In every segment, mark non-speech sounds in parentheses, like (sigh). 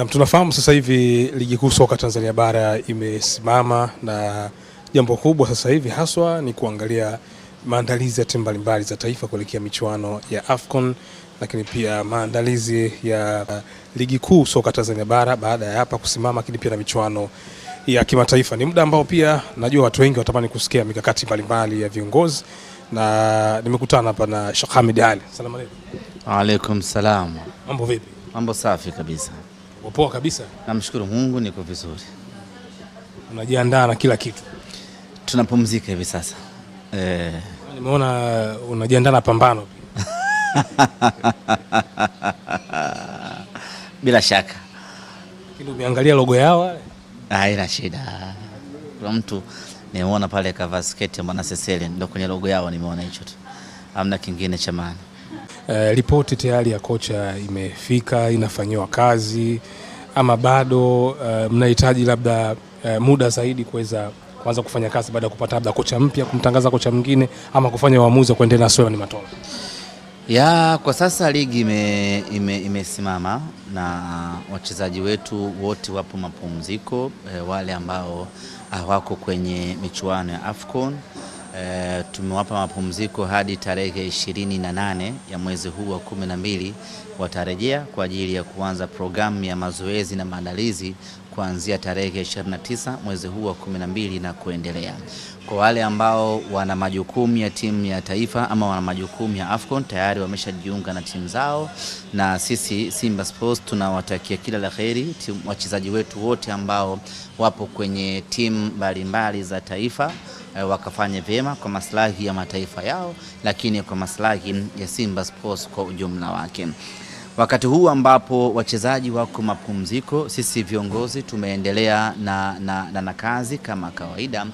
Na tunafahamu sasa hivi ligi kuu soka Tanzania bara imesimama na jambo kubwa sasa hivi haswa ni kuangalia maandalizi ya timu mbalimbali za taifa kuelekea michuano ya AFCON, lakini pia maandalizi ya ligi kuu soka Tanzania bara baada ya hapa kusimama, lakini pia na michuano ya kimataifa. Ni muda ambao pia najua watu wengi watamani kusikia mikakati mbalimbali ya viongozi, na nimekutana hapa na Sheikh Hamid Ali. Asalamu alaykum. Alaykum salam. Mambo vipi? Mambo safi kabisa poa kabisa? Namshukuru Mungu niko vizuri. Unajiandaa na kila kitu? Tunapumzika hivi sasa. Eh, nimeona unajiandaa na pambano (laughs) bila shaka. Lakini umeangalia logo yao wale? Haina shida. Kuna mtu nimeona pale kavaa sketi ya mwana Sesele ndio kwenye logo yao nimeona hicho tu. Hamna kingine cha maana. Uh, ripoti tayari ya kocha imefika, inafanyiwa kazi ama bado? Uh, mnahitaji labda uh, muda zaidi kuweza kuanza kufanya kazi baada ya kupata labda kocha mpya, kumtangaza kocha mwingine ama kufanya uamuzi wa kuendelea na Suleiman Matola? Ya, kwa sasa ligi imesimama ime, ime na wachezaji wetu wote wapo mapumziko, e, wale ambao hawako ah, kwenye michuano ya Afcon E, tumewapa mapumziko hadi tarehe ishirini na nane ya mwezi huu wa kumi na mbili watarejea kwa ajili ya kuanza programu ya mazoezi na maandalizi kuanzia tarehe 29 mwezi huu wa 12 na kuendelea. Kwa wale ambao wana majukumu ya timu ya taifa ama wana majukumu ya Afcon tayari wameshajiunga na timu zao, na sisi Simba Sports tunawatakia kila la heri wachezaji wetu wote ambao wapo kwenye timu mbalimbali za taifa. Eh, wakafanya vyema kwa maslahi ya mataifa yao, lakini kwa maslahi ya Simba Sports kwa ujumla wake. Wakati huu ambapo wachezaji wako mapumziko, sisi viongozi tumeendelea na, na, na, na kazi kama kawaida,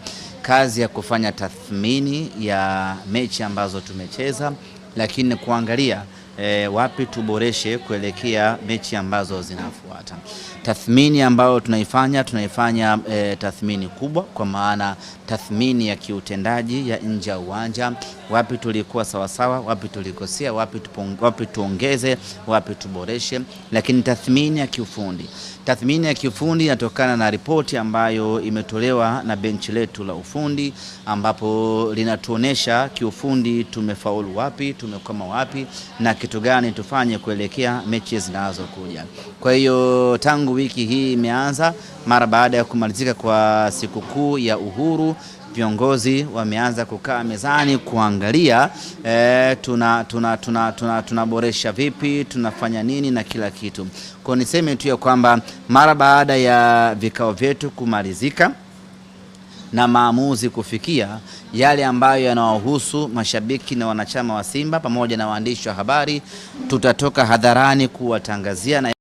kazi ya kufanya tathmini ya mechi ambazo tumecheza, lakini kuangalia e, wapi tuboreshe kuelekea mechi ambazo zinafuata. Tathmini ambayo tunaifanya tunaifanya e, tathmini kubwa, kwa maana tathmini ya kiutendaji ya nje ya uwanja, wapi tulikuwa sawasawa, wapi tulikosea, wapi, tupong, wapi tuongeze, wapi tuboreshe, lakini tathmini ya kiufundi. Tathmini ya kiufundi inatokana na ripoti ambayo imetolewa na benchi letu la ufundi, ambapo linatuonesha kiufundi tumefaulu wapi, tumekoma wapi na kitu gani tufanye kuelekea mechi zinazokuja. Kwa hiyo tangu wiki hii imeanza, mara baada ya kumalizika kwa sikukuu ya uhuru viongozi wameanza kukaa mezani kuangalia e, tuna, tuna, tuna, tuna, tuna vipi, tunafanya nini na kila kitu. Kwa niseme tu ya kwamba mara baada ya vikao vyetu kumalizika na maamuzi kufikia yale ambayo yanawahusu mashabiki na wanachama wa Simba pamoja na waandishi wa habari. Tutatoka hadharani kuwatangazia na